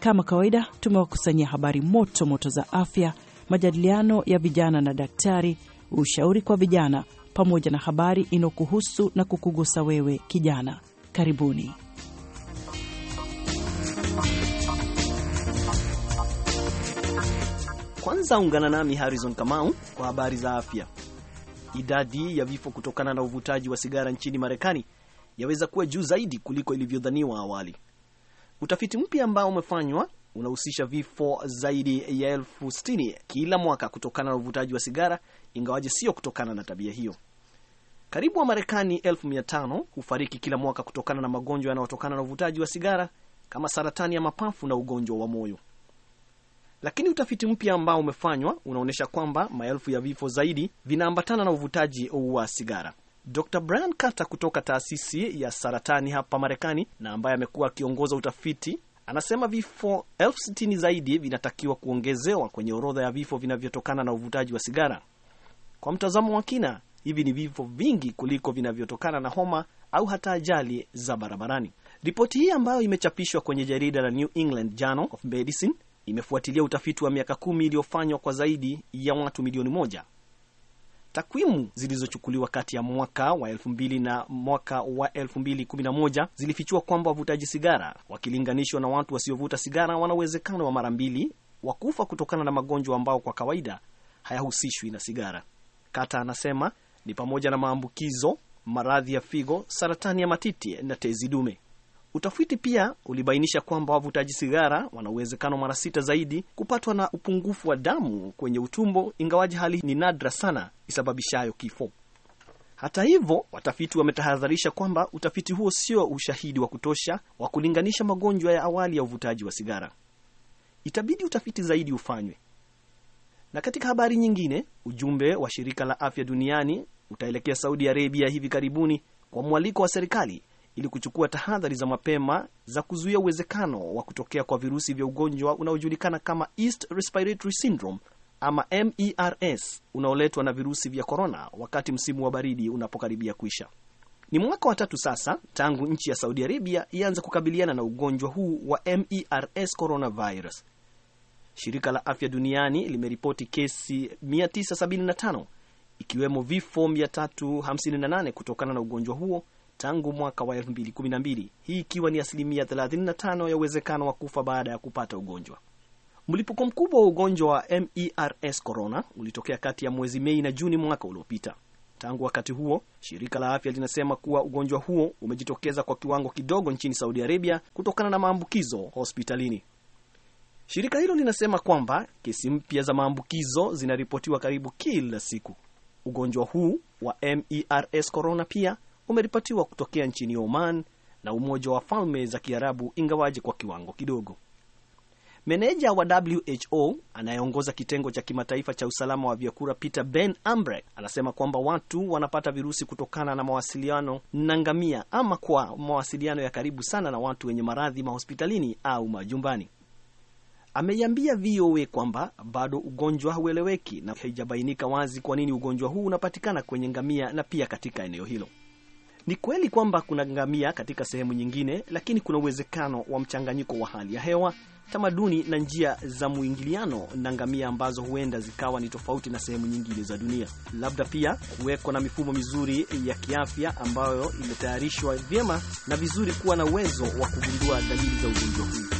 Kama kawaida, tumewakusanyia habari moto moto za afya, majadiliano ya vijana na daktari, ushauri kwa vijana, pamoja na habari inayokuhusu na kukugusa wewe kijana. Karibuni. Kwanza ungana nami Harrison Kamau kwa habari za afya. Idadi ya vifo kutokana na uvutaji wa sigara nchini Marekani yaweza kuwa juu zaidi kuliko ilivyodhaniwa awali. Utafiti mpya ambao umefanywa unahusisha vifo zaidi ya elfu sitini kila mwaka kutokana na uvutaji wa sigara, ingawaje sio kutokana na tabia hiyo. Karibu Marekani elfu mia tano hufariki kila mwaka kutokana na magonjwa yanayotokana na uvutaji wa sigara kama saratani ya mapafu na ugonjwa wa moyo. Lakini utafiti mpya ambao umefanywa unaonyesha kwamba maelfu ya vifo zaidi vinaambatana na uvutaji wa sigara. Dr Brian Carter kutoka taasisi ya saratani hapa Marekani na ambaye amekuwa akiongoza utafiti anasema vifo elfu sitini zaidi vinatakiwa kuongezewa kwenye orodha ya vifo vinavyotokana na uvutaji wa sigara. Kwa mtazamo wa kina, hivi ni vifo vingi kuliko vinavyotokana na homa au hata ajali za barabarani. Ripoti hii ambayo imechapishwa kwenye jarida la New England Journal of Medicine imefuatilia utafiti wa miaka kumi iliyofanywa kwa zaidi ya watu milioni moja Takwimu zilizochukuliwa kati ya mwaka wa 2000 na mwaka wa 2011 zilifichua kwamba wavutaji sigara wakilinganishwa na watu wasiovuta sigara wana uwezekano wa mara mbili wa kufa kutokana na magonjwa ambao kwa kawaida hayahusishwi na sigara. Kata anasema ni pamoja na maambukizo, maradhi ya figo, saratani ya matiti na tezi dume. Utafiti pia ulibainisha kwamba wavutaji sigara wana uwezekano mara sita zaidi kupatwa na upungufu wa damu kwenye utumbo, ingawaji hali ni nadra sana isababishayo kifo. Hata hivyo, watafiti wametahadharisha kwamba utafiti huo sio ushahidi wa kutosha wa kulinganisha magonjwa ya awali ya uvutaji wa sigara. Itabidi utafiti zaidi ufanywe. Na katika habari nyingine, ujumbe wa shirika la afya duniani utaelekea Saudi Arabia hivi karibuni kwa mwaliko wa serikali ili kuchukua tahadhari za mapema za kuzuia uwezekano wa kutokea kwa virusi vya ugonjwa unaojulikana kama East Respiratory Syndrome ama MERS unaoletwa na virusi vya korona wakati msimu wa baridi unapokaribia kuisha. Ni mwaka wa tatu sasa tangu nchi ya Saudi Arabia ianze kukabiliana na ugonjwa huu wa MERS coronavirus. Shirika la Afya Duniani limeripoti kesi 975 ikiwemo vifo 358 kutokana na ugonjwa huo tangu mwaka wa 2012, hii ikiwa ni asilimia 35 ya uwezekano wa kufa baada ya kupata ugonjwa. Mlipuko mkubwa wa ugonjwa wa MERS corona ulitokea kati ya mwezi Mei na Juni mwaka uliopita. Tangu wakati huo, shirika la afya linasema kuwa ugonjwa huo umejitokeza kwa kiwango kidogo nchini Saudi Arabia kutokana na maambukizo hospitalini. Shirika hilo linasema kwamba kesi mpya za maambukizo zinaripotiwa karibu kila siku. Ugonjwa huu wa MERS corona pia umeripotiwa kutokea nchini Oman na Umoja wa Falme za Kiarabu, ingawaje kwa kiwango kidogo. Meneja wa WHO anayeongoza kitengo cha kimataifa cha usalama wa vyakula Peter Ben Ambre anasema kwamba watu wanapata virusi kutokana na mawasiliano na ngamia ama kwa mawasiliano ya karibu sana na watu wenye maradhi mahospitalini au majumbani. Ameiambia VOA kwamba bado ugonjwa haueleweki na haijabainika wazi kwa nini ugonjwa huu unapatikana kwenye ngamia na pia katika eneo hilo. Ni kweli kwamba kuna ngamia katika sehemu nyingine, lakini kuna uwezekano wa mchanganyiko wa hali ya hewa, tamaduni na njia za mwingiliano na ngamia ambazo huenda zikawa ni tofauti na sehemu nyingine za dunia. Labda pia kuweko na mifumo mizuri ya kiafya ambayo imetayarishwa vyema na vizuri kuwa na uwezo wa kugundua dalili za ugonjwa huu.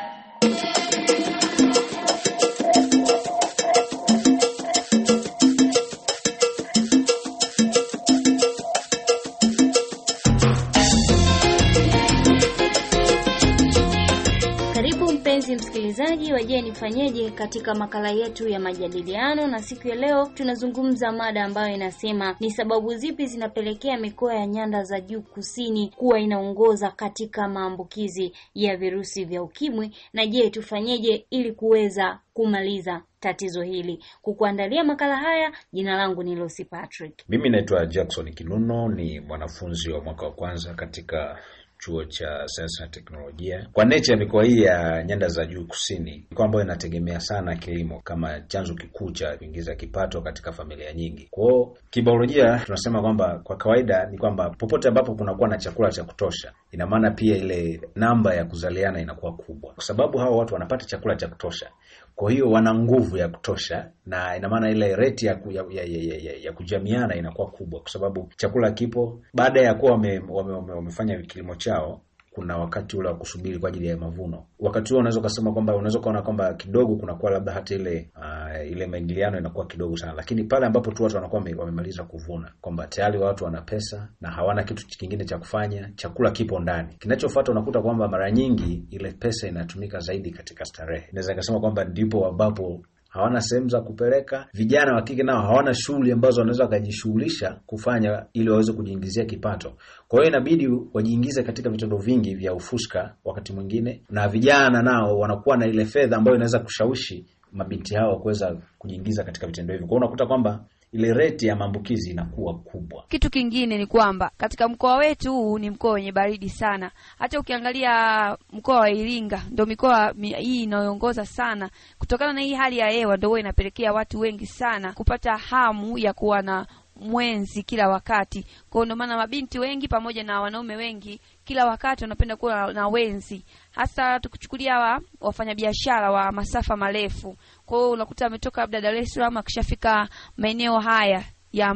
msikilizaji wa Je Nifanyeje katika makala yetu ya majadiliano, na siku ya leo tunazungumza mada ambayo inasema ni sababu zipi zinapelekea mikoa ya nyanda za juu kusini kuwa inaongoza katika maambukizi ya virusi vya ukimwi, na je, tufanyeje ili kuweza kumaliza tatizo hili. Kukuandalia makala haya, jina langu ni Lucy Patrick. Mimi naitwa Jackson Kinuno, ni mwanafunzi wa mwaka wa kwanza katika chuo cha sayansi na teknolojia. Kwa nature ya mikoa hii ya nyanda za juu kusini, mikoa ambayo inategemea sana kilimo kama chanzo kikuu cha kuingiza kipato katika familia nyingi. Kwao kibiolojia tunasema kwamba kwa kawaida ni kwamba popote ambapo kunakuwa na chakula cha kutosha, ina maana pia ile namba ya kuzaliana inakuwa kubwa, kwa sababu hawa watu wanapata chakula cha kutosha. Kwa hiyo wana nguvu ya kutosha, na ina maana ile reti ya, ya, ya, ya, ya, ya, ya kujamiana inakuwa kubwa, kwa sababu chakula kipo. Baada ya kuwa wamefanya wame, wame, wame kilimo chao kuna wakati ule wa kusubiri kwa ajili ya mavuno. Wakati huo unaweza ukasema kwamba unaweza ukaona kwamba kidogo kunakuwa labda hata ile uh, ile maingiliano inakuwa kidogo sana, lakini pale ambapo tu watu wanakuwa wamemaliza kuvuna, kwamba tayari watu wana pesa na hawana kitu kingine cha kufanya, chakula kipo ndani, kinachofuata unakuta kwamba mara nyingi ile pesa inatumika zaidi katika starehe. Naweza nikasema kwamba ndipo ambapo hawana sehemu za kupeleka vijana wa kike, nao hawana shughuli ambazo wanaweza wakajishughulisha kufanya ili waweze kujiingizia kipato. Kwa hiyo inabidi wajiingize katika vitendo vingi vya ufuska wakati mwingine, na vijana nao wanakuwa na ile fedha ambayo inaweza kushawishi mabinti hao kuweza kujiingiza katika vitendo hivyo. Kwa hiyo unakuta kwamba ile reti ya maambukizi inakuwa kubwa. Kitu kingine ni kwamba katika mkoa wetu huu ni mkoa wenye baridi sana. Hata ukiangalia mkoa wa Iringa ndio mikoa hii inayoongoza sana. Kutokana na hii hali ya hewa ndio inapelekea watu wengi sana kupata hamu ya kuwa na mwenzi kila wakati. Kwa hiyo ndio maana mabinti wengi pamoja na wanaume wengi kila wakati wanapenda kuwa na wenzi, hasa tukichukulia wa wafanyabiashara wa masafa marefu. Kwa hiyo unakuta ametoka labda Dar es Salaam, akishafika maeneo haya ya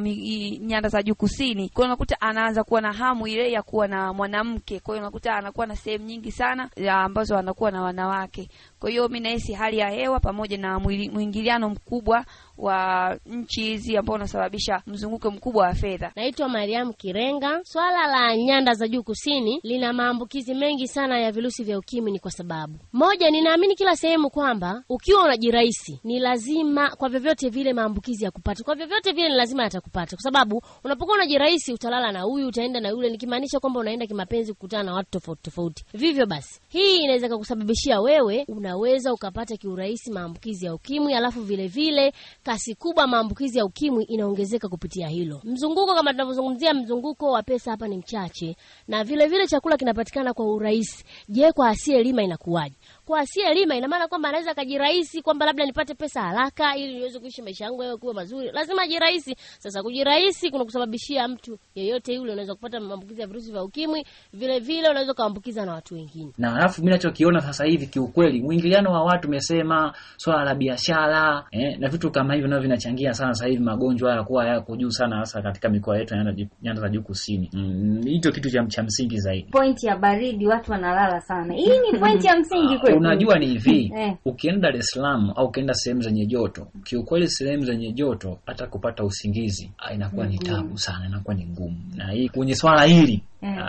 nyanda za juu kusini, kwa unakuta anaanza kuwa na hamu ile ya kuwa na mwanamke. Kwa hiyo unakuta anakuwa na sehemu nyingi sana ambazo anakuwa na wanawake. Kwa hiyo mimi nahisi hali ya hewa pamoja na mwingiliano mkubwa wa nchi hizi ambao unasababisha mzunguko mkubwa wa fedha. Naitwa Mariam Kirenga. Swala la nyanda za juu kusini lina maambukizi mengi sana ya virusi vya ukimwi, ni kwa sababu moja, ninaamini kila sehemu kwamba ukiwa unajirahisi ni lazima kwa vyovyote vile maambukizi kupata, kwa vyovyote vile ni lazima yatakupata, kwa sababu unapokuwa unajirahisi utalala na huyu utaenda na yule, nikimaanisha kwamba unaenda kimapenzi kukutana na watu tofauti tofauti. Vivyo basi, hii inaweza kukusababishia wewe una unaweza ukapata kiurahisi maambukizi ya ukimwi. Alafu vilevile kasi kubwa maambukizi ya ukimwi inaongezeka kupitia hilo. Mzunguko kama tunavyozungumzia, mzunguko wa pesa hapa ni mchache, na vilevile vile chakula kinapatikana kwa urahisi. Je, kwa asiye lima inakuwaje? kwa asiyelima, ina maana kwamba anaweza kujirahisi kwamba labda nipate pesa haraka ili niweze kuishi maisha yangu yawe kuwa mazuri, lazima ajirahisi. Sasa kujirahisi kuna kusababishia mtu yeyote yule, unaweza kupata maambukizi ya virusi vya ukimwi, vile vile unaweza kuambukiza na watu wengine. Na alafu mimi nachokiona sasa hivi kiukweli, mwingiliano wa watu umesema swala la biashara eh, na vitu kama hivyo navyo vinachangia sana sasa hivi magonjwa haya kuwa yako juu sana, hasa katika mikoa yetu nyanda za juu kusini. Mm, hicho mm, kitu cha msingi zaidi, pointi ya baridi, watu wanalala sana. Hii ni pointi ya msingi kweli. Mm-hmm. unajua ni hivi eh. Ukienda Dar es Salaam au ukienda sehemu zenye joto, kiukweli sehemu zenye joto hata kupata usingizi inakuwa ni mm-hmm. tabu sana, inakuwa ni ngumu. Na hii kwenye swala hili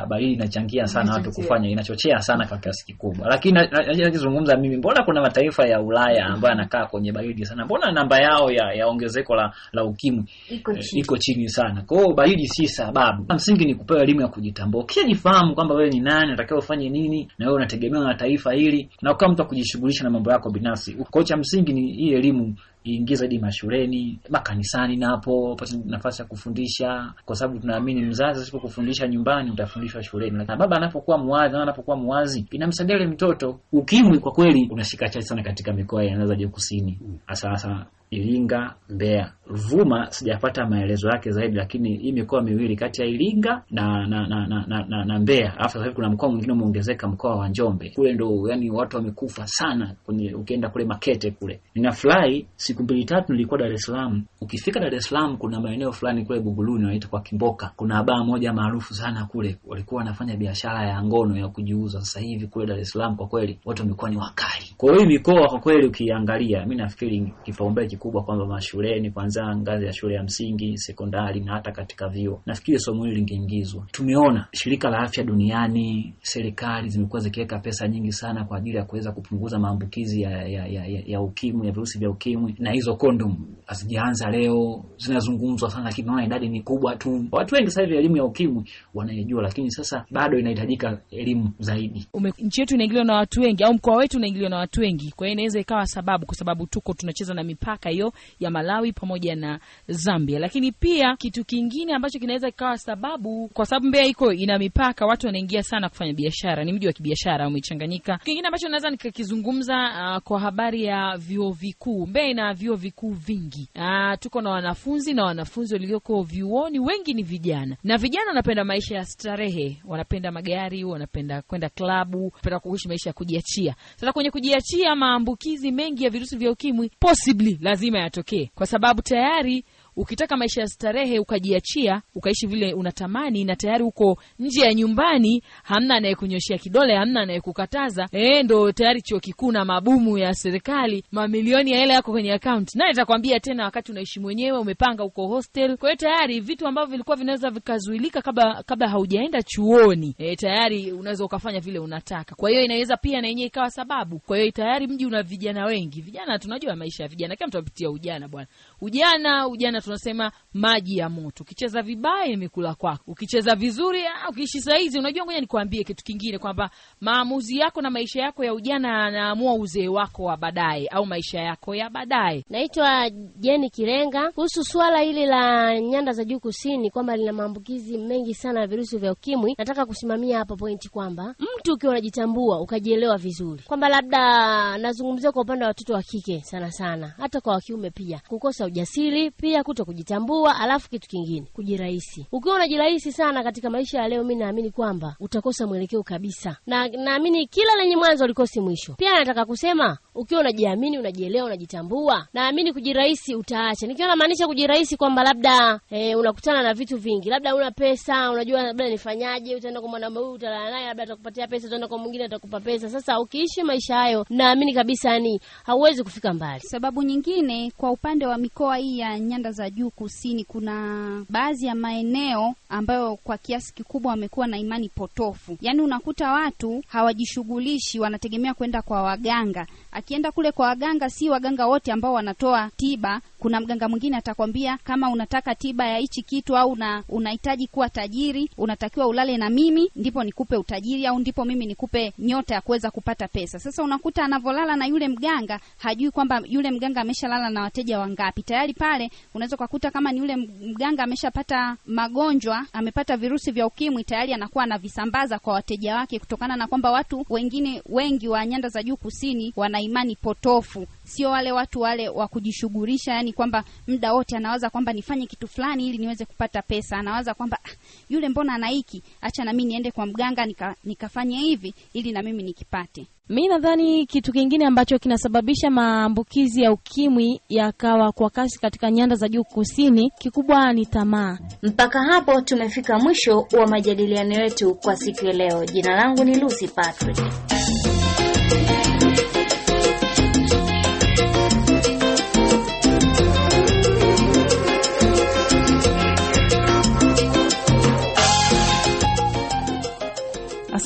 baridi inachangia sana watu kufanya, inachochea sana kwa kiasi kikubwa. Lakini nazungumza mimi, mbona kuna mataifa ya Ulaya ambayo yanakaa kwenye baridi sana, mbona namba yao ya, ya ongezeko la, la ukimwi iko, eh, iko chini sana. Kwa hiyo baridi si sababu, msingi ni kupewa elimu ya kujitambua. Ukishajifahamu kwamba wewe ni nani, unatakiwa ufanye nini, na wewe unategemewa na taifa hili, na ukawa mtu akujishughulisha na mambo yako binafsi. kwao cha msingi ni hii elimu ingia zaidi mashuleni, makanisani, napo pata nafasi ya kufundisha, kwa sababu tunaamini mzazi asipokufundisha nyumbani utafundishwa shuleni. Na baba anapokuwa muwazi, mama anapokuwa muwazi, inamsaidia mtoto. Ukimwi kwa kweli unashika chache sana katika mikoa ya Kusini, hasa hasa Iringa, Mbeya Vuma sijapata maelezo yake zaidi, lakini hii mikoa miwili kati ya Iringa na na, na, na, na, na, na Mbeya. Alafu sasa hivi kuna mkoa mwingine umeongezeka, mkoa wa Njombe kule, ndo yani watu wamekufa sana kwenye, ukienda kule Makete kule. Ninafurahi siku mbili tatu nilikuwa Dar es Salaam. Ukifika Dar es Salaam kuna maeneo fulani kule Buguruni wanaita kwa Kimboka, kuna baa moja maarufu sana kule, walikuwa wanafanya biashara ya ngono ya kujiuza. Sasa hivi kule Dar es Salaam kwa kweli watu wamekuwa ni wakali. Kwa hiyo mikoa kwa kweli ukiangalia, mimi nafikiri kipaumbele kikubwa kwamba mashuleni kwanza kuanzia ngazi ya shule ya msingi, sekondari na hata katika vyuo. Nafikiri somo hili lingeingizwa. Tumeona shirika la afya duniani, serikali zimekuwa zikiweka pesa nyingi sana kwa ajili ya kuweza kupunguza maambukizi ya, ya, ya, ya, ya ukimwi, ya virusi vya ukimwi, na hizo kondom hazijaanza leo, zinazungumzwa sana, lakini naona idadi ni kubwa tu. Watu wengi sasa hivi elimu ya ukimwi wanaijua, lakini sasa bado inahitajika elimu zaidi. Ume, Nchi yetu inaingiliwa na watu wengi, au mkoa wetu unaingiliwa na watu wengi, kwa hiyo inaweza ikawa sababu, kwa sababu tuko tunacheza na mipaka hiyo ya Malawi pamoja pamoja na Zambia. Lakini pia kitu kingine ambacho kinaweza kikawa sababu, kwa sababu Mbeya iko ina mipaka, watu wanaingia sana kufanya biashara, ni mji wa kibiashara umechanganyika. Kingine ambacho naweza nikakizungumza uh, kwa habari ya vyuo vikuu, Mbeya ina vyuo vikuu vingi. Uh, tuko na wanafunzi na wanafunzi walioko vyuoni wengi ni vijana, na vijana wanapenda maisha ya starehe, wanapenda magari, wanapenda kwenda klabu, wanapenda kuishi maisha ya kujiachia. Sasa kwenye kujiachia, maambukizi mengi ya virusi vya ukimwi possibly lazima yatokee kwa sababu tayari ukitaka maisha ya starehe ukajiachia ukaishi vile unatamani, na tayari uko nje ya nyumbani, hamna anayekunyoshea kidole, hamna anayekukataza e, ndo tayari chuo kikuu na mabumu ya serikali, mamilioni ya hela yako kwenye akaunti, naye atakwambia tena, wakati unaishi mwenyewe, umepanga, uko hostel. Kwa hiyo tayari vitu ambavyo vilikuwa vinaweza vikazuilika kabla kabla haujaenda chuoni, e, tayari unaweza ukafanya vile unataka. Kwa hiyo inaweza pia na yenyewe ikawa sababu. Kwa hiyo tayari mji una vijana wengi, vijana tunajua maisha ya vijana, kila mtu apitia ujana bwana Ujana, ujana tunasema maji ya moto. Ukicheza vibaya imekula kwako, ukicheza vizuri, ah, ukiishi saizi. Unajua, ngoja nikuambie kitu kingine kwamba maamuzi yako na maisha yako ya ujana yanaamua uzee wako wa baadaye au maisha yako ya baadaye. Naitwa Jeni Kirenga. Kuhusu swala hili la nyanda za juu kusini, kwamba lina maambukizi mengi sana ya virusi vya ukimwi, nataka kusimamia hapa pointi kwamba mtu ukiwa unajitambua ukajielewa vizuri, kwamba labda nazungumzia kwa upande wa watoto wa kike sana sana, hata kwa wakiume pia kukosa ujasiri, pia kuto kujitambua, alafu kitu kingine kujirahisi. Ukiwa unajirahisi sana katika maisha ya leo, mi naamini kwamba utakosa mwelekeo kabisa, na naamini kila lenye mwanzo likosi mwisho. Pia nataka kusema ukiwa unajiamini, unajielewa, unajitambua, naamini kujirahisi utaacha. Nikiwa namaanisha kujirahisi kwamba labda e, unakutana na vitu vingi, labda una pesa, unajua labda nifanyaje, utaenda kwa mwanaume huyu, utalala naye, labda atakupatia pesa, utaenda kwa mwingine atakupa pesa. Sasa ukiishi maisha hayo, naamini kabisa yani hauwezi kufika mbali. Sababu nyingine, kwa upande wa mikoa hii ya nyanda za juu kusini, kuna baadhi ya maeneo ambayo kwa kiasi kikubwa wamekuwa na imani potofu, yani unakuta watu hawajishughulishi, wanategemea kwenda kwa waganga akienda kule kwa waganga, si waganga wote ambao wanatoa tiba kuna mganga mwingine atakwambia kama unataka tiba ya hichi kitu au una, unahitaji kuwa tajiri, unatakiwa ulale na mimi ndipo nikupe utajiri au ndipo mimi nikupe nyota ya kuweza kupata pesa. Sasa unakuta anavyolala na yule mganga, hajui kwamba yule mganga ameshalala na wateja wangapi tayari. Pale unaweza kukuta kama ni yule mganga ameshapata magonjwa, amepata virusi vya ukimwi tayari, anakuwa anavisambaza kwa wateja wake, kutokana na kwamba watu wengine wengi wa nyanda za juu kusini wana imani potofu sio wale watu wale wa kujishughulisha, yani kwamba muda wote anawaza kwamba nifanye kitu fulani ili niweze kupata pesa. Anawaza kwamba ah, yule mbona ana hiki, acha na mimi niende kwa mganga nika, nikafanye hivi ili na mimi nikipate. Mi nadhani kitu kingine ambacho kinasababisha maambukizi ya ukimwi yakawa kwa kasi katika nyanda za juu kusini, kikubwa ni tamaa. Mpaka hapo tumefika mwisho wa majadiliano yetu kwa siku ya leo. Jina langu ni Lucy Patrick.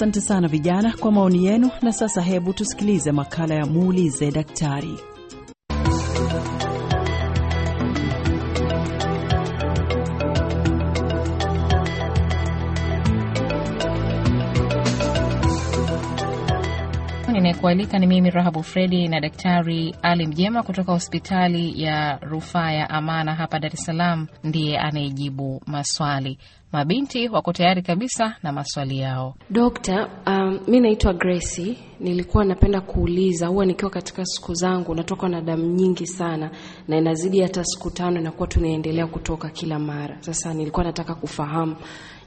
Asante sana vijana kwa maoni yenu. Na sasa hebu tusikilize makala ya muulize daktari. Ninayekualika ni mimi Rahabu Fredi na Daktari Ali Mjema kutoka hospitali ya rufaa ya Amana hapa Dar es Salaam, ndiye anayejibu maswali. Mabinti wako tayari kabisa na maswali yao. Dokta, um, mi naitwa Gresi. Nilikuwa napenda kuuliza, huwa nikiwa katika siku zangu natoka na damu nyingi sana, na inazidi hata siku tano, inakuwa tunaendelea kutoka kila mara. Sasa nilikuwa nataka kufahamu,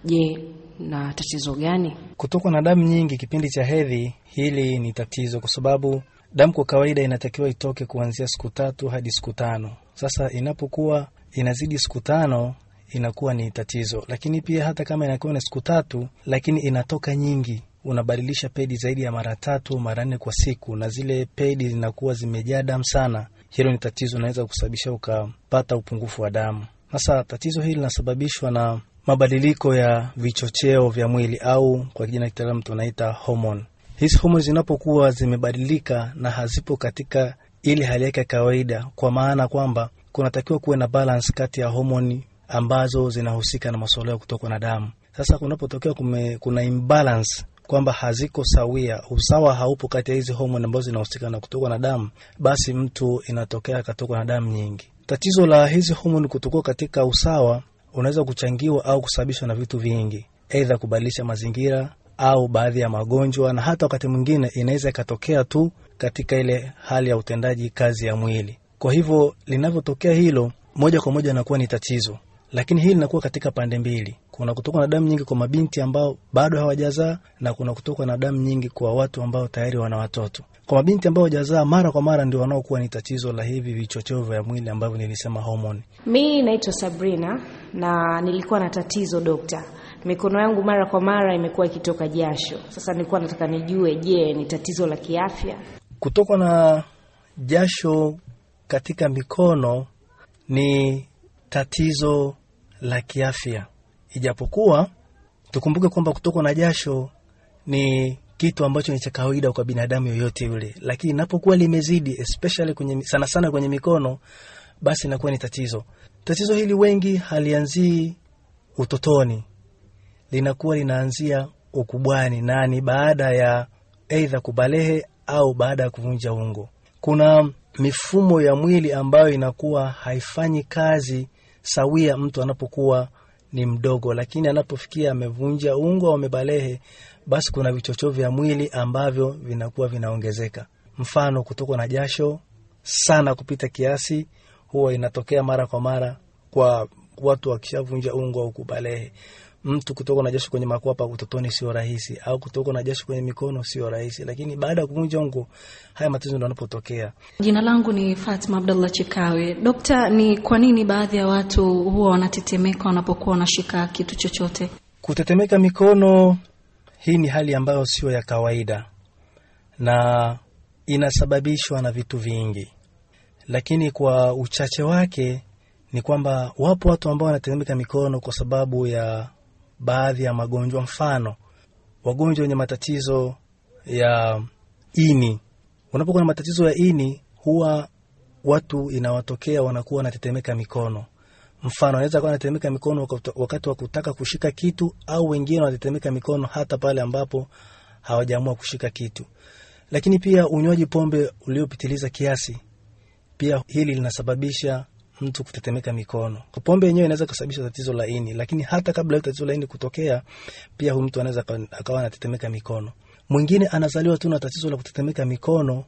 je, na tatizo gani kutokwa na damu nyingi kipindi cha hedhi? Hili ni tatizo kwa sababu damu kwa kawaida inatakiwa itoke kuanzia siku tatu hadi siku tano. Sasa inapokuwa inazidi siku tano inakuwa ni tatizo. Lakini pia hata kama inakuwa ni siku tatu, lakini inatoka nyingi unabadilisha pedi zaidi ya mara tatu mara nne kwa siku, na zile pedi zinakuwa zimejaa damu sana. Hilo ni tatizo, unaweza kusababisha ukapata upungufu wa damu. Sasa tatizo hili linasababishwa na mabadiliko ya vichocheo vya mwili au kwa kijina kitaalamu tunaita homoni. Hizi homoni zinapokuwa zimebadilika na hazipo katika ile hali yake ya kawaida, kwa maana kwamba kunatakiwa kuwe na balance kati ya homoni ambazo zinahusika na masuala ya kutokwa na damu. Sasa kunapotokea kuna imbalance kwamba haziko sawia, usawa haupo kati ya hizi homoni ambazo zinahusika na kutokwa na damu, basi mtu inatokea akatokwa na damu nyingi. Tatizo la hizi homoni kutokuwa katika usawa unaweza kuchangiwa au kusababishwa na vitu vingi, aidha kubadilisha mazingira au baadhi ya magonjwa, na hata wakati mwingine inaweza ikatokea tu katika ile hali ya utendaji kazi ya mwili. Kwa hivyo linavyotokea hilo, moja kwa moja inakuwa ni tatizo. Lakini hili linakuwa katika pande mbili. Kuna kutokwa na damu nyingi kwa mabinti ambao bado hawajazaa na kuna kutokwa na damu nyingi kwa watu ambao tayari wana watoto. Kwa mabinti ambao hawajazaa mara kwa mara ndio wanaokuwa ni tatizo la hivi vichocheo vya mwili ambavyo nilisema homoni. Mi naitwa Sabrina na nilikuwa na tatizo dokta, mikono yangu mara kwa mara imekuwa ikitoka jasho. Sasa nilikuwa nataka nijue, je, ni tatizo la kiafya? Kutokwa na jasho katika mikono ni tatizo la kiafya, ijapokuwa tukumbuke kwamba kutokwa na jasho ni kitu ambacho ni cha kawaida kwa binadamu yoyote yule, lakini inapokuwa limezidi especially kwenye, sana sana kwenye mikono, basi inakuwa ni tatizo. Tatizo hili wengi halianzii utotoni, linakuwa linaanzia ukubwani, na ni baada ya aidha kubalehe au baada ya kuvunja ungo. Kuna mifumo ya mwili ambayo inakuwa haifanyi kazi sawia mtu anapokuwa ni mdogo, lakini anapofikia amevunja ungo au amebalehe, basi kuna vichochoo vya mwili ambavyo vinakuwa vinaongezeka. Mfano, kutokwa na jasho sana kupita kiasi huwa inatokea mara kwa mara kwa watu wakishavunja ungo au kubalehe mtu kutoka na jasho kwenye makwapa utotoni sio rahisi, au kutoka na jasho kwenye mikono sio rahisi, lakini baada ya kuvunja ungo haya matatizo ndio yanapotokea. Jina langu ni Fatma Abdallah Chikawe. Dokta, ni kwa nini baadhi ya watu huwa wanatetemeka wanapokuwa wanashika kitu chochote? Kutetemeka mikono, hii ni hali ambayo sio ya kawaida na inasababishwa na vitu vingi, lakini kwa uchache wake ni kwamba wapo watu ambao wanatetemeka mikono kwa sababu ya baadhi ya magonjwa, mfano wagonjwa wenye matatizo ya ini. Unapokuwa na matatizo ya ini, huwa watu inawatokea wanakuwa wanatetemeka mikono. Mfano, anaweza kuwa anatetemeka mikono wakati wa kutaka kushika kitu, au wengine wanatetemeka mikono hata pale ambapo hawajaamua kushika kitu. Lakini pia unywaji pombe uliopitiliza kiasi, pia hili linasababisha mtu kutetemeka mikono. Pombe yenyewe inaweza kusababisha tatizo la ini, lakini hata kabla ya tatizo la ini kutokea, pia huyu mtu anaweza akawa anatetemeka mikono. Mwingine anazaliwa tu na tatizo la kutetemeka mikono,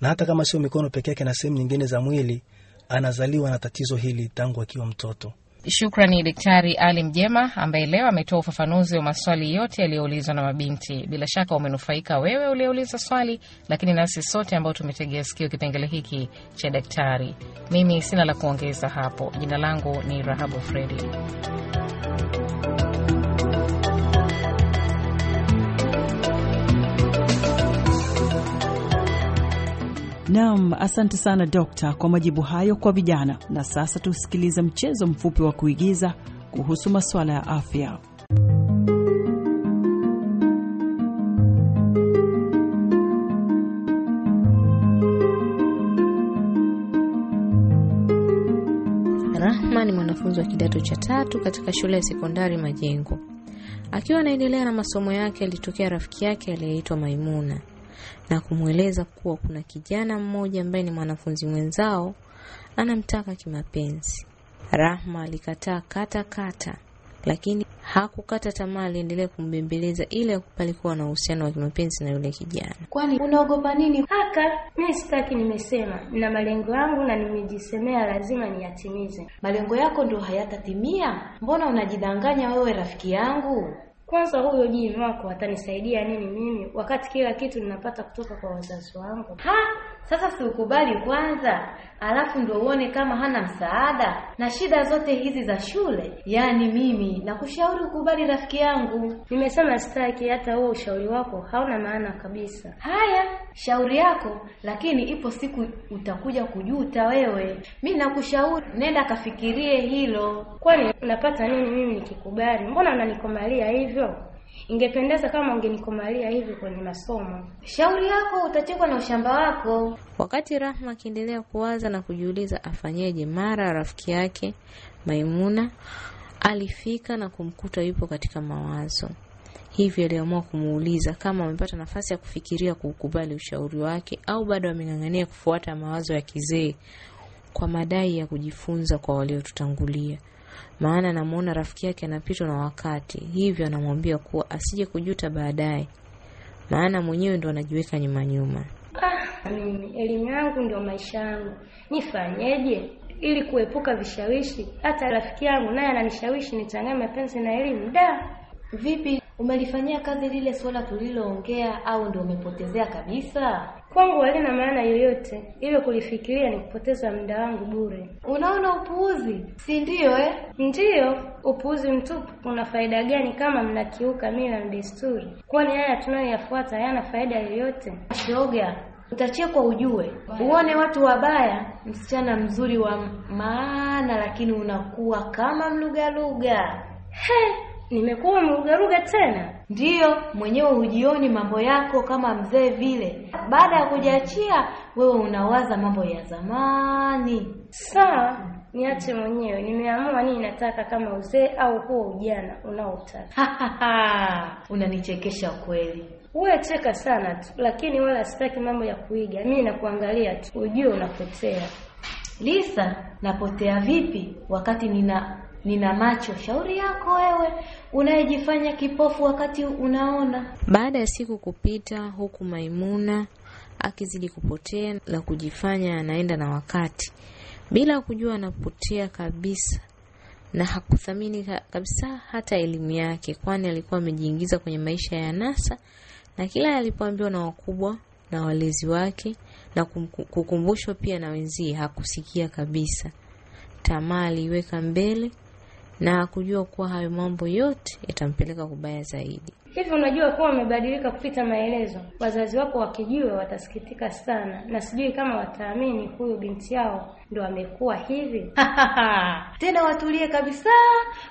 na hata kama sio mikono peke yake, na sehemu nyingine za mwili, anazaliwa na tatizo hili tangu akiwa mtoto. Shukrani Daktari Ali Mjema ambaye leo ametoa ufafanuzi wa maswali yote yaliyoulizwa na mabinti. Bila shaka umenufaika wewe uliyeuliza swali, lakini nasi sote ambao tumetegea sikio kipengele hiki cha daktari. Mimi sina la kuongeza hapo. Jina langu ni Rahabu Fredi. Naam, asante sana dokta kwa majibu hayo kwa vijana. Na sasa tusikilize mchezo mfupi wa kuigiza kuhusu masuala ya afya. Rahma ni mwanafunzi wa kidato cha tatu katika shule ya sekondari Majengo. Akiwa anaendelea na masomo yake, alitokea rafiki yake aliyeitwa Maimuna na kumweleza kuwa kuna kijana mmoja ambaye ni mwanafunzi mwenzao anamtaka kimapenzi. Rahma alikataa kata kata, lakini hakukata tamaa, aliendelea kumbembeleza ile palikuwa na uhusiano wa kimapenzi na yule kijana. Kwani unaogopa nini? Haka mimi sitaki, nimesema na malengo yangu na nimejisemea lazima niyatimize. Malengo yako ndio hayatatimia? Mbona unajidanganya wewe, rafiki yangu? kwanza huyo jini wako atanisaidia nini mimi wakati kila kitu ninapata kutoka kwa wazazi wangu ha sasa si ukubali kwanza, alafu ndio uone kama hana msaada na shida zote hizi za shule. Yaani mimi nakushauri ukubali, rafiki yangu. Nimesema sitaki, hata huo ushauri wako hauna maana kabisa. Haya, shauri yako, lakini ipo siku utakuja kujuta wewe. Mi nakushauri nenda kafikirie hilo. Kwani unapata nini mimi nikikubali? Mbona unanikomalia hivyo? Ingependeza kama ungenikomalia hivi kwenye masomo. Shauri yako, utachekwa na ushamba wako. Wakati Rahma akiendelea kuwaza na kujiuliza afanyeje, mara rafiki yake Maimuna alifika na kumkuta yupo katika mawazo, hivyo aliamua kumuuliza kama amepata nafasi ya kufikiria kukubali ushauri wake au bado ameng'ang'ania kufuata mawazo ya kizee kwa madai ya kujifunza kwa waliotutangulia maana anamuona rafiki yake anapitwa na wakati, hivyo anamwambia kuwa asije kujuta baadaye, maana mwenyewe ndo anajiweka nyuma nyuma. Ah, mimi elimu yangu ndio maisha yangu, nifanyeje ili kuepuka vishawishi? Hata rafiki yangu naye ananishawishi nitangae mapenzi na elimu. Da, vipi, umelifanyia kazi lile suala tuliloongea au ndio umepotezea kabisa? kwangu halina maana yoyote, ile kulifikiria ni kupoteza muda wangu bure. Unaona upuuzi, si ndio eh? Ndiyo, upuuzi mtupu. Kuna faida gani kama mnakiuka mila na desturi? Kwani haya tunayoyafuata hayana faida yoyote? Shoga, utachekwa ujue, uone watu wabaya, msichana mzuri wa maana, lakini unakuwa kama mlugaluga. He, nimekuwa mlugaluga tena? ndiyo mwenyewe hujioni mambo yako kama mzee vile. Baada ya kujiachia, wewe unawaza mambo ya zamani. Sawa, niache mwenyewe, nimeamua nini nataka, kama uzee au huo ujana unaotaka. Unanichekesha kweli. Wewe cheka sana tu, lakini wala sitaki mambo ya kuiga. Mimi nakuangalia tu, ujue unapotea. Lisa, napotea vipi wakati nina nina macho. Shauri yako wewe unayejifanya kipofu wakati unaona. Baada ya siku kupita, huku Maimuna akizidi kupotea na kujifanya anaenda na wakati, bila kujua anapotea kabisa, na hakuthamini kabisa hata elimu yake, kwani alikuwa amejiingiza kwenye maisha ya nasa, na kila alipoambiwa na wakubwa na walezi wake na kukumbushwa pia na wenzie hakusikia kabisa. Tamaa aliiweka mbele na kujua kuwa hayo mambo yote yatampeleka kubaya zaidi. Hivi unajua kuwa wamebadilika kupita maelezo. Wazazi wako wakijua watasikitika sana, na sijui kama wataamini huyu binti yao ndo amekuwa hivi. Tena watulie kabisa,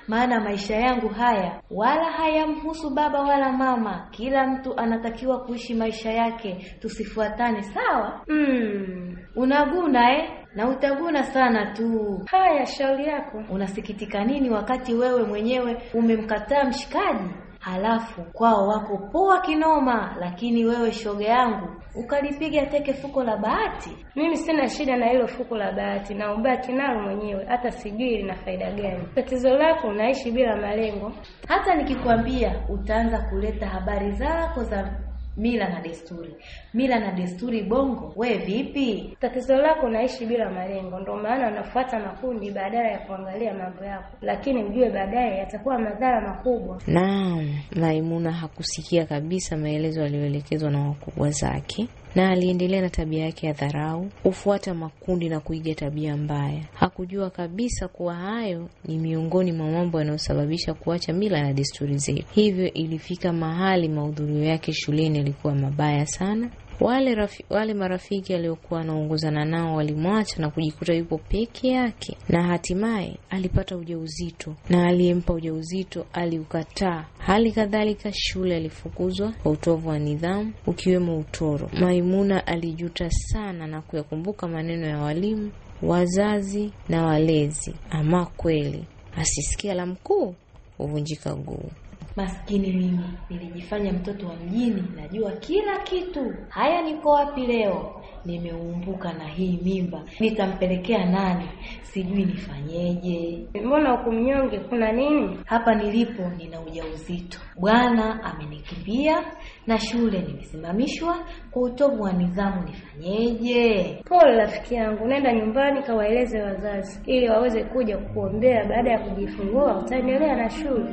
maana maisha yangu haya wala hayamhusu baba wala mama. Kila mtu anatakiwa kuishi maisha yake, tusifuatane sawa? Mm, unaguna eh? na utaguna sana tu. Haya, shauri yako. Unasikitika nini wakati wewe mwenyewe umemkataa mshikaji? Halafu kwao wako poa kinoma, lakini wewe shoga yangu ukalipiga teke fuko la bahati. Mimi sina shida na hilo fuko la bahati na ubaki nalo mwenyewe, hata sijui lina faida gani. Tatizo lako unaishi bila malengo. Hata nikikwambia utaanza kuleta habari zako za mila na desturi. Mila na desturi Bongo, we vipi? Tatizo lako unaishi bila malengo, ndio maana unafuata makundi badala ya kuangalia mambo yako, lakini mjue baadaye yatakuwa madhara makubwa. Naam, Maimuna hakusikia kabisa maelezo aliyoelekezwa na wakubwa zake na aliendelea na tabia yake ya dharau, hufuata makundi na kuiga tabia mbaya. Hakujua kabisa kuwa hayo ni miongoni mwa mambo yanayosababisha kuacha mila na desturi zetu. Hivyo ilifika mahali mahudhurio yake shuleni yalikuwa mabaya sana, wale, rafi, wale marafiki aliokuwa anaongozana nao walimwacha na kujikuta yupo peke yake, na hatimaye alipata ujauzito na aliyempa ujauzito aliukataa. Hali kadhalika shule alifukuzwa kwa utovu wa nidhamu, ukiwemo utoro. Maimuna alijuta sana na kuyakumbuka maneno ya walimu, wazazi na walezi. Ama kweli asisikia la mkuu huvunjika guu. Maskini mimi, nilijifanya mtoto wa mjini, najua kila kitu. Haya, niko wapi leo? Nimeumbuka na hii mimba, nitampelekea nani? Sijui nifanyeje. Mbona ukumnyonge? Kuna nini? Hapa nilipo nina ujauzito, bwana amenikimbia na shule nimesimamishwa kwa utovu wa nidhamu, nifanyeje? Pole rafiki yangu, nenda nyumbani kawaeleze wazazi ili waweze kuja kukuombea. Baada ya kujifungua utaendelea na shule.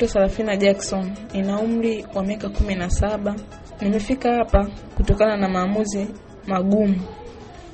naitwa Sarafina Jackson, nina umri wa miaka kumi na saba. Nimefika hapa kutokana na maamuzi magumu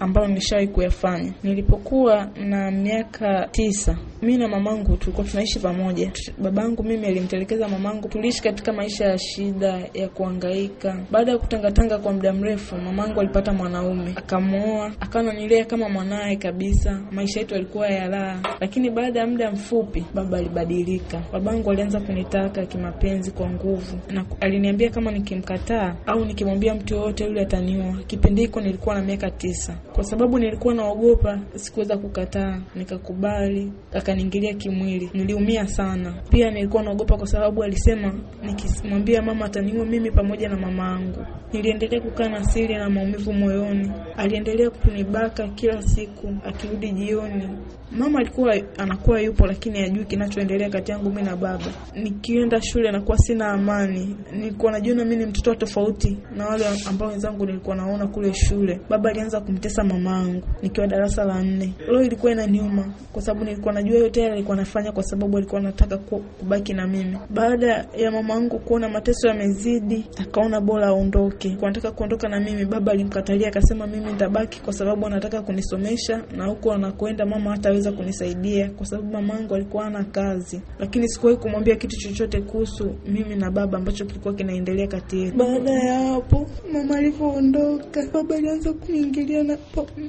ambayo nishawahi kuyafanya. Nilipokuwa na miaka tisa, mi na mamangu tulikuwa tunaishi pamoja. Babangu mimi alimtelekeza mamangu, tuliishi katika maisha ya shida ya kuangaika Baada ya kutangatanga kwa muda mrefu, mamangu alipata mwanaume akamwoa, akananilea kama mwanaye kabisa. Maisha yetu yalikuwa ya raha, lakini baada ya muda mfupi baba alibadilika. Babangu alianza kunitaka kimapenzi kwa nguvu, na aliniambia kama nikimkataa au nikimwambia mtu yoyote yule ataniua. Kipindi hiko nilikuwa na miaka tisa kwa sababu nilikuwa naogopa, sikuweza kukataa, nikakubali. Akaniingilia kimwili, niliumia sana. Pia nilikuwa naogopa kwa sababu alisema nikimwambia mama ataniua mimi pamoja na mama yangu. Niliendelea kukaa na siri na maumivu moyoni. Aliendelea kunibaka kila siku, akirudi jioni Mama alikuwa anakuwa yupo, lakini hajui kinachoendelea kati yangu mimi na baba. Nikienda shule nakuwa sina amani, nilikuwa najiona mimi ni mtoto tofauti na wale ambao wenzangu nilikuwa naona kule shule. Baba alianza kumtesa mama yangu nikiwa darasa la nne. Hilo ilikuwa inaniuma kwa sababu nilikuwa najua yote yale alikuwa anafanya kwa sababu alikuwa anataka kubaki na mimi. Baada ya mama yangu kuona mateso yamezidi, akaona bora aondoke, Kwa nataka kuondoka na mimi. Baba alimkatalia akasema, mimi nitabaki kwa sababu anataka kunisomesha na huko anakwenda mama hata aliweza kunisaidia kwa sababu mamangu alikuwa ana kazi, lakini sikuwahi kumwambia kitu chochote kuhusu mimi na baba ambacho kilikuwa kinaendelea kati yetu. Baada ya hapo, mama alivyoondoka, baba alianza kuniingilia na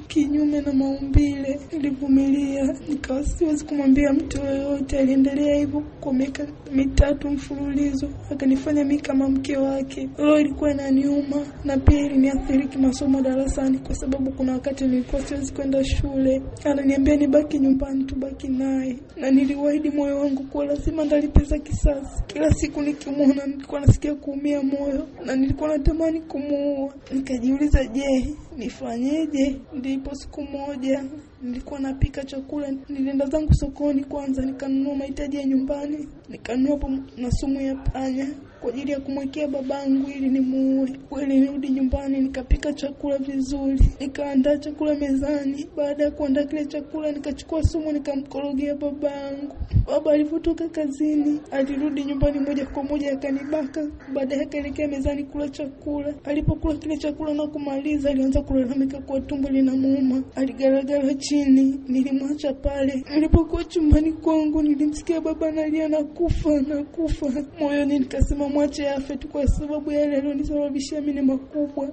kinyume na maumbile. Nilivumilia, nikawa siwezi kumwambia mtu yoyote. Aliendelea hivyo kwa miaka mitatu mfululizo, akanifanya mimi kama mke wake. Hiyo ilikuwa inaniuma na pia iliniathiri kimasomo darasani, kwa sababu kuna wakati nilikuwa siwezi kwenda shule. Ananiambia nibaki tubaki nyumbani, tubaki naye, na niliwaahidi moyo wangu kuwa lazima ndalipiza kisasi. Kila siku nikimwona nilikuwa nasikia kuumia moyo na nilikuwa natamani kumuua. Nikajiuliza, je, nifanyeje? Ndipo siku moja nilikuwa napika chakula, nilienda zangu sokoni kwanza, nikanunua mahitaji ya nyumbani, nikanunua na sumu ya panya kwa ajili ya kumwekea babangu ili nimuue. Kweli nirudi nyumbani nikapika chakula vizuri, nikaandaa chakula mezani. Baada ya kuandaa kile chakula, nikachukua sumu nikamkorogea babangu. Baba alivyotoka kazini, alirudi nyumbani moja kwa moja akanibaka. Baadaye akaelekea mezani kula chakula. Alipokula kile chakula na kumaliza, alianza kulalamika kuwa tumbo linamuuma, aligaragara chini. Nilimwacha pale. Nilipokuwa chumbani kwangu, nilimsikia baba analia, nakufa nakufa. Moyoni nikasema mwache afe tu kwa sababu yale aliyonisababishia mimi ni makubwa.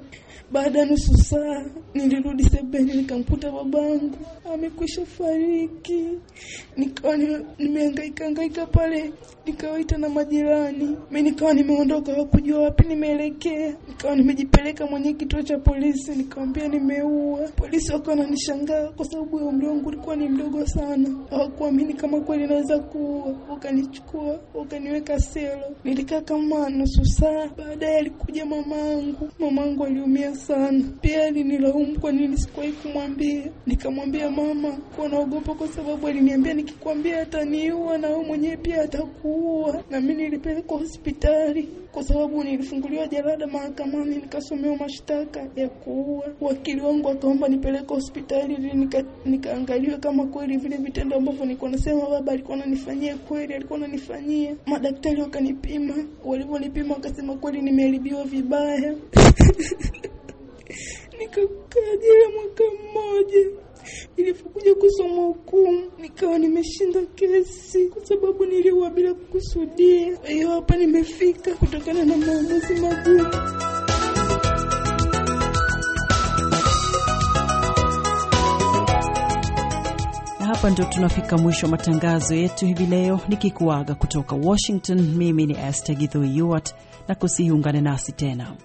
Baada ya nusu saa nilirudi sebeni, nikamkuta babangu amekwisha fariki. Nikawa nimehangaika hangaika pale, nikawaita na majirani, mi nikawa nimeondoka, wakujua wapi nimeelekea. Nikawa nimejipeleka mwenye kituo cha polisi, nikawambia nimeua. Polisi wakawa wananishangaa kwa sababu ya umri wangu ulikuwa ni mdogo sana, hawakuamini kama kweli naweza kuua. Wakanichukua wakaniweka selo, nilikaa kama kama nusu saa baadaye alikuja mamangu. Mamangu aliumia sana, pia alinilaumu kwa nini sikuwahi kumwambia. Nikamwambia mama kuwa naogopa, kwa sababu aliniambia nikikwambia ataniua na wewe mwenyewe pia atakuua. Na mimi nilipelekwa hospitali kwa sababu nilifunguliwa jalada mahakamani nikasomewa mashtaka ya kuua. Wakili wangu akaomba nipeleke hospitali ili nika, nikaangaliwe kama kweli vile vitendo ambavyo nilikuwa nasema baba alikuwa ananifanyia kweli alikuwa ananifanyia. Madaktari wakanipima walivyonipima wakasema kweli nimeharibiwa vibaya. Nikakaa jela mwaka mmoja. Nilipokuja kusoma hukumu nikawa nimeshinda kesi kwa sababu niliua bila kukusudia. Hiyo hapa nimefika kutokana na maamuzi magumu. hapa ndio tunafika mwisho wa matangazo yetu hivi leo, nikikuaga kutoka Washington. Mimi ni Esther Githui Yuart, na kusihi ungane nasi tena.